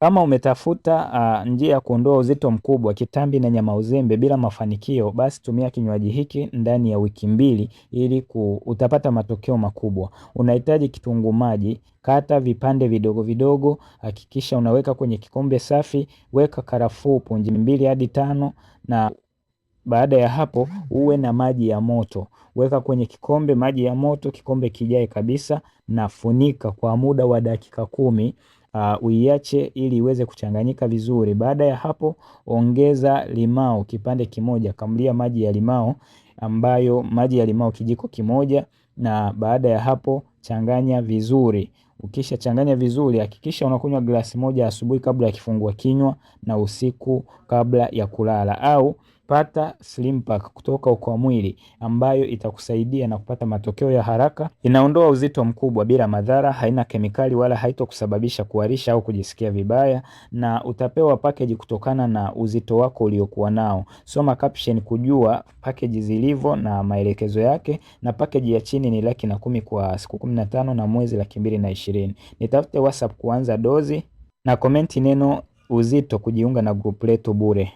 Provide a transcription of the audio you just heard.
Kama umetafuta uh, njia ya kuondoa uzito mkubwa, kitambi na nyama uzembe bila mafanikio, basi tumia kinywaji hiki ndani ya wiki mbili ili ku, utapata matokeo makubwa. Unahitaji kitunguu maji, kata vipande vidogo vidogo, hakikisha unaweka kwenye kikombe safi, weka karafuu punji mbili hadi tano na baada ya hapo uwe na maji ya moto, weka kwenye kikombe maji ya moto, kikombe kijae kabisa, na funika kwa muda wa dakika kumi uh, uiache ili iweze kuchanganyika vizuri. Baada ya hapo, ongeza limao kipande kimoja, kamlia maji ya limao ambayo maji ya limao kijiko kimoja na baada ya hapo changanya vizuri. Ukisha changanya vizuri hakikisha unakunywa glasi moja asubuhi kabla ya kifungua kinywa na usiku kabla ya kulala au pata slim pack kutoka Okoa Mwili ambayo itakusaidia na kupata matokeo ya haraka. Inaondoa uzito mkubwa bila madhara, haina kemikali wala haitokusababisha kuharisha au kujisikia vibaya, na utapewa package kutokana na uzito wako uliokuwa nao. Soma caption kujua package zilizo ilivyo na maelekezo yake, na package ya chini ni laki na kumi kwa siku kumi na tano na mwezi laki mbili na ishirini. Nitafute WhatsApp kuanza dozi na komenti neno uzito kujiunga na grupu letu bure.